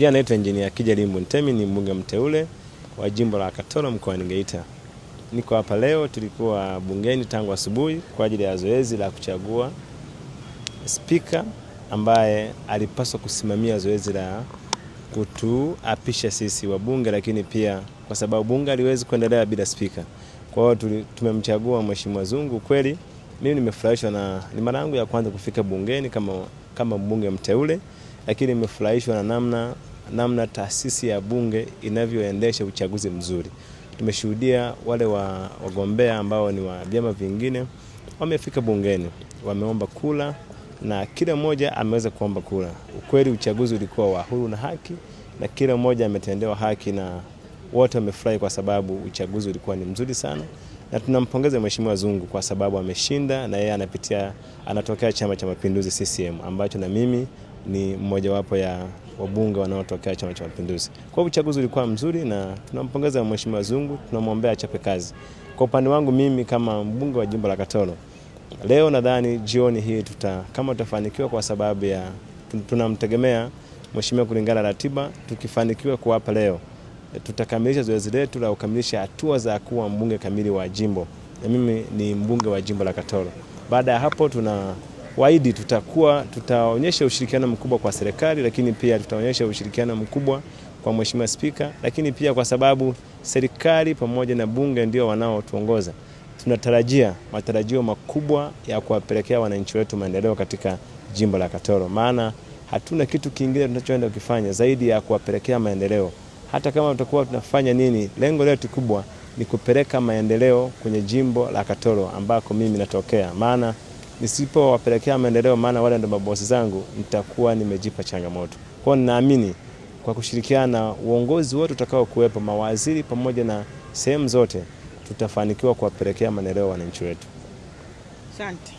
Jina naitwa Engineer Kija Limbu Ntemi, ni mbunge mteule wa jimbo la Katoro mkoani Geita. Niko hapa leo, tulikuwa bungeni tangu asubuhi kwa ajili ya zoezi la kuchagua spika ambaye alipaswa kusimamia zoezi la kutuapisha sisi wabunge, lakini pia kwa sababu bunge haliwezi kuendelea bila spika. Kwa hiyo tumemchagua Mheshimiwa Zungu. Kweli mimi nimefurahishwa na ni mara yangu ya kwanza kufika bungeni kama, kama mbunge mteule, lakini nimefurahishwa na namna namna taasisi ya bunge inavyoendesha uchaguzi mzuri. Tumeshuhudia wale wa wagombea ambao ni wa vyama vingine wamefika bungeni, wameomba kula na kila mmoja ameweza kuomba kula. Ukweli uchaguzi ulikuwa wa huru na haki, na kila mmoja ametendewa haki na wote wamefurahi kwa sababu uchaguzi ulikuwa ni mzuri sana, na tunampongeza Mheshimiwa Zungu kwa sababu ameshinda na yeye anapitia, anatokea Chama cha Mapinduzi CCM ambacho na mimi ni mmojawapo ya wabunge wanaotokea Chama cha Mapinduzi. Kwa hiyo uchaguzi ulikuwa mzuri na tunampongeza Mheshimiwa Zungu, tunamwombea achape kazi. Kwa upande wangu mimi kama mbunge wa jimbo la Katoro, leo nadhani jioni hii tuta, kama tutafanikiwa kwa sababu ya tunamtegemea mheshimiwa kulingana ratiba, tukifanikiwa kuwapa leo tutakamilisha zoezi letu la kukamilisha hatua za kuwa mbunge kamili wa jimbo, na mimi ni mbunge wa jimbo la Katoro. Baada ya hapo tuna waidi tutakuwa tutaonyesha ushirikiano mkubwa kwa serikali, lakini pia tutaonyesha ushirikiano mkubwa kwa Mheshimiwa Spika, lakini pia kwa sababu serikali pamoja na bunge ndio wanaotuongoza, tunatarajia matarajio makubwa ya kuwapelekea wananchi wetu maendeleo katika jimbo la Katoro, maana hatuna kitu kingine tunachoenda kukifanya zaidi ya kuwapelekea maendeleo. Hata kama tutakuwa tunafanya nini, lengo letu kubwa ni kupeleka maendeleo kwenye jimbo la Katoro ambako mimi natokea maana nisipowapelekea maendeleo, maana wale ndio mabosi zangu, nitakuwa nimejipa changamoto. Kwa hiyo ninaamini kwa kushirikiana na uongozi wote utakao kuwepo, mawaziri pamoja na sehemu zote, tutafanikiwa kuwapelekea maendeleo wananchi wetu. Asante.